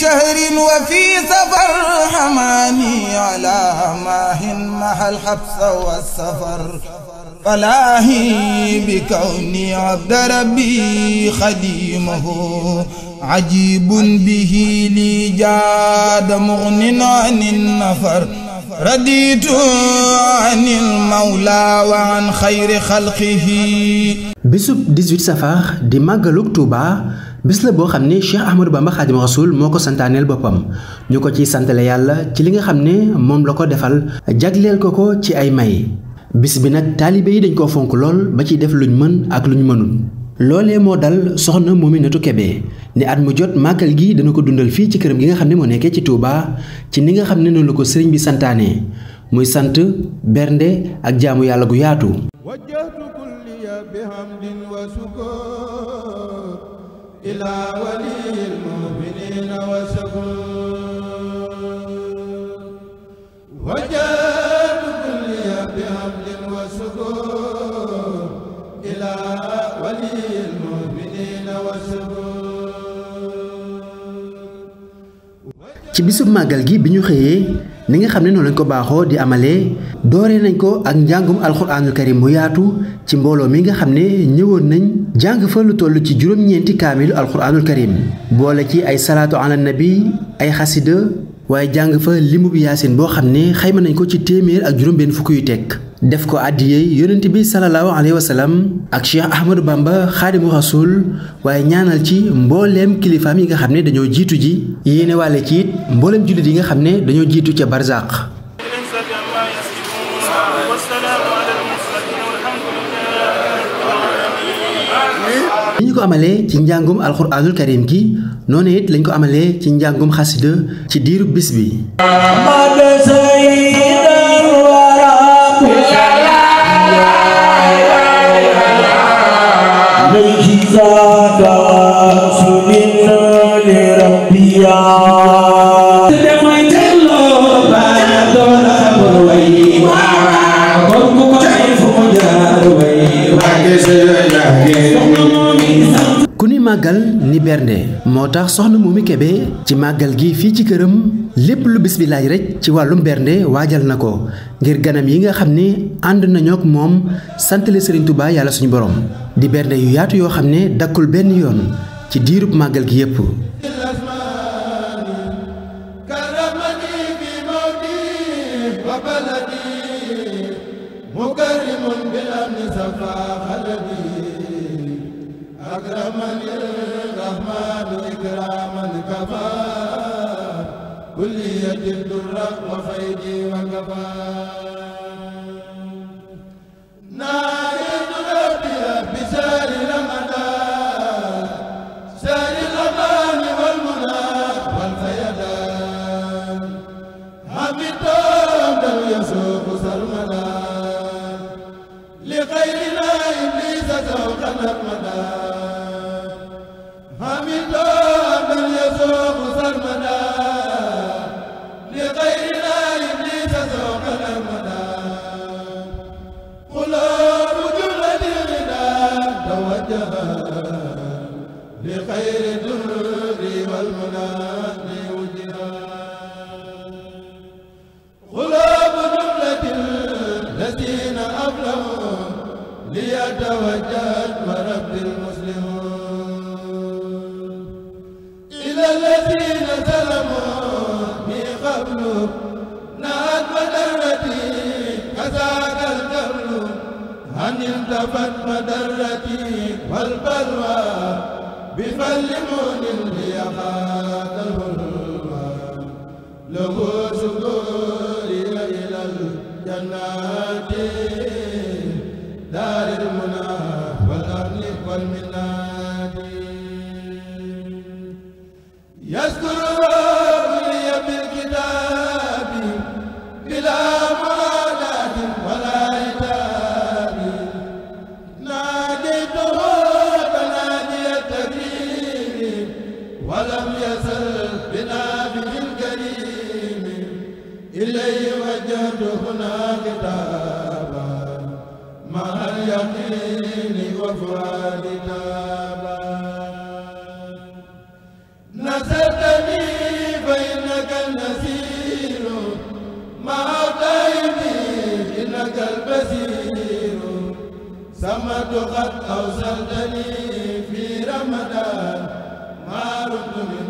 شهر وفي سفر حماني على ماه مع الحبس والسفر فلاهي بكوني عبد ربي خديمه عجيب به لي جاد مغن عن النفر رديت عن المولى وعن خير خلقه bisub 18 safar di màggalug Tuuba bis la boo xam ne Cheikh Ahmadou Bamba Xaadimu Rasuul moo ko santaaneel boppam ñu ko ciy santale yàlla ci li nga xam ne moom la ko defal jagleel ko ko ci ay may bis bi nag taalibe yi dañ koo fonk lool ba ciy def luñ mën ak luñ mënul loolee moo dal soxna Mominatou kebe ne at mu jot màggal gi dana ko dundal fii ci këram gi nga xam ne moo nekkee ci tuuba ci ni nga xam ne noonu la ko sëriñ bi santaane muy sant bernde ak jaamu yàlla gu yaatu. إلى ولي المؤمنين وسكون وجاد كل بحمل وسكون إلى ولي المؤمنين وسكون ci bisub màggal gi bi ñu xëyee ni nga xam ne noonu lañ ko baaxoo di amalee doore nañ ko ak njàngum alxuraanul karim mu yaatu ci mbooloo mi nga xam ne ñëwoon nañ jàng fa lu toll ci juróom-ñeenti kaamilu alxuraanul karim boole ci ay salaatu na bi ay xasida waaye jàng fa limub yaasin boo xam ne xayma nañ ko ci téeméer ak juróom-benn fukk yu teg def ko àddiyey yonent bi salallaahu alayhi wa sallam ak Cheikh Ahmadou Bamba xaadimu rasul waaye ñaanal ci mbooleem kilifaam yi nga xam ne dañoo jiitu ji yéene wàlle ci it mbooleem jullit yi nga xam ne dañoo jiitu ca barzaq li ñu ko amalee ci njàngum alxuraanul karim gi noonu it lañ ko amalee ci njàngum xasida ci diiru bis bi Jai Jai Jai Jai di bernde moo tax soxna Momy Kébé ci màggal gi fii ci këram lépp lu bis bi laaj rek ci wàllum bernde waajal na ko ngir ganam yi nga xam ni ànd nañoo ak moom santale Serigne Touba yàlla suñu borom di bernde yu yaatu yoo xam ne dakkul benn yoon ci diirub màggal gi yépp الرحمن إكراما كفى كلية الدرة وفيدي وكفى من التفت مدرتي والبلوى بفلمون ليقات الهلوى له سكوري إلى الجنات إليه وجهت هنا كتابا مع اليقين وفؤاد تابا نصرتني فإنك النسير مع الطيبين إنك البصير سمت قد أوصلتني في رمضان ما رد من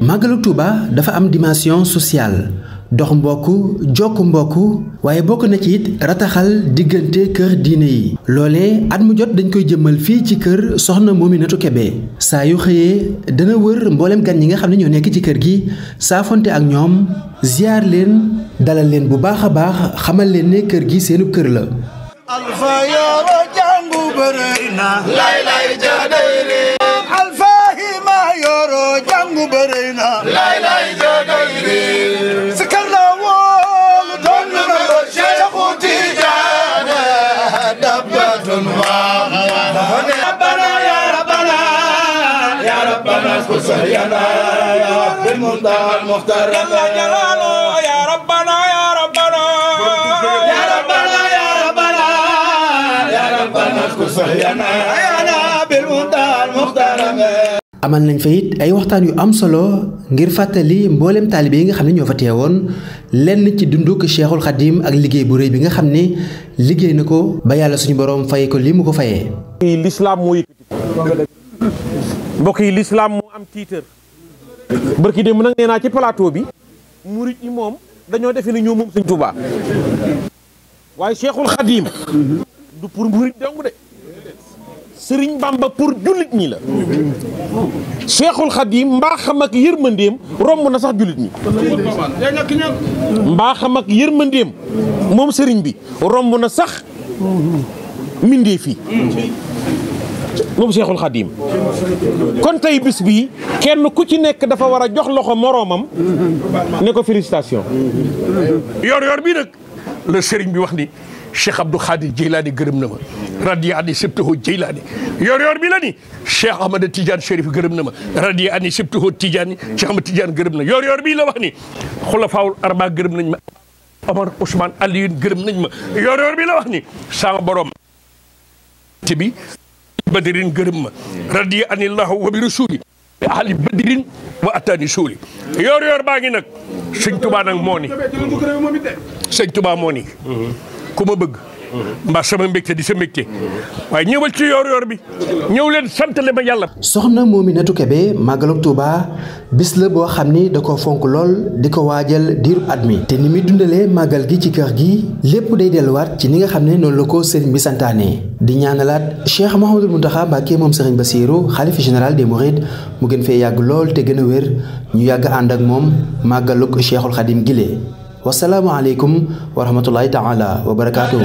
màggalu Touba dafa am dimension sociale dox mbokk jokk mbokk waaye bokk na ci it rataxal diggante kër diine yi loolee at mu jot dañ koy jëmmal fii ci kër soxna Mominatou kebe saa yu xëyee dana wër mboolem gan yi nga xam ne ñoo nekk ci kër gi saafonte ak ñoom ziar leen dalal leen bu baax a baax xamal leen ne kër gi seenu kër la. سهينا amal nañ fa it ay waxtaan yu am solo ngir fàttali mbooleem taalibe yi nga xam ne ñoo fa teewoon lenn ci dunduk Cheikhul Khadim ak liggéey bu rëy bi nga xam ne liggéey na ko ba yàlla suñu boroom fay ko lii mu ko fayee. mbokk yi lislaam moo am tiitër bërki dem nag nee naa ci plateau bi murit yi moom dañoo defe ne ñoo moom sañ Tuubaa waaye Cheikhul Khadim du pour murit dong de Sëriñ Bamba pour jullit ñi la Cheikhul Khadim mbaaxam ak yërmandeem romb na sax jullit ñi mbaaxam ak yërmandeem moom sëriñ bi romb na sax mindee fii moom Cheikhul Khadim kon tey bis bii kenn ku ci nekk dafa war a jox loxo moroomam ne ko félicitation yor yor bii nag la sëriñ bi wax ni Cheikh Abdou Khadir Jeylaani gërëm na ma radi ani sibtuhu Jeylaani yor yor bi la ni Cheikh Ahmada Tidiane Chérif gërëm na ma radi ani sibtuhu Tidiane Cheikh Ahmada Tidiane gërëm na yor yor bii la wax ni xulafaawul arba gërëm nañ ma Omar Ousmane Alioune gërëm nañ ma yor yor bi la wax ni sama borom te bi badirin gërëm ma radiya anillahu wa bi rasuli bi ahli badirin wa atani suuli yoor yoor baa ngi nag sëñ tubaa nag moo ni sëñ tubaa moo ni ku ma bëgg mbaa sama mbégte di sa mbégte waaye ñëwal ci yoor-yoor bi ñëw leen santale ma yàlla. soxna Mouminatou kebe màggalu Touba bis la boo xam ni da ko fonk lool di ko waajal diirub at mi. te ni muy dundalee màggal gi ci kër gi lépp day delluwaat ci ni nga xam ne noonu la ko sëriñ bi santaane di ñaanalaat Cheikh Mouhamadou Mountakha Mbacké moom sëriñ Bassirou xalifa général des Mourides mu gën fee yàgg lool te gën a wér ñu yàgg ànd ak moom màggaluk Cheikhul Khadim gile. wasalaamualeykum wa rahmatullahi taala wa barakaatuhu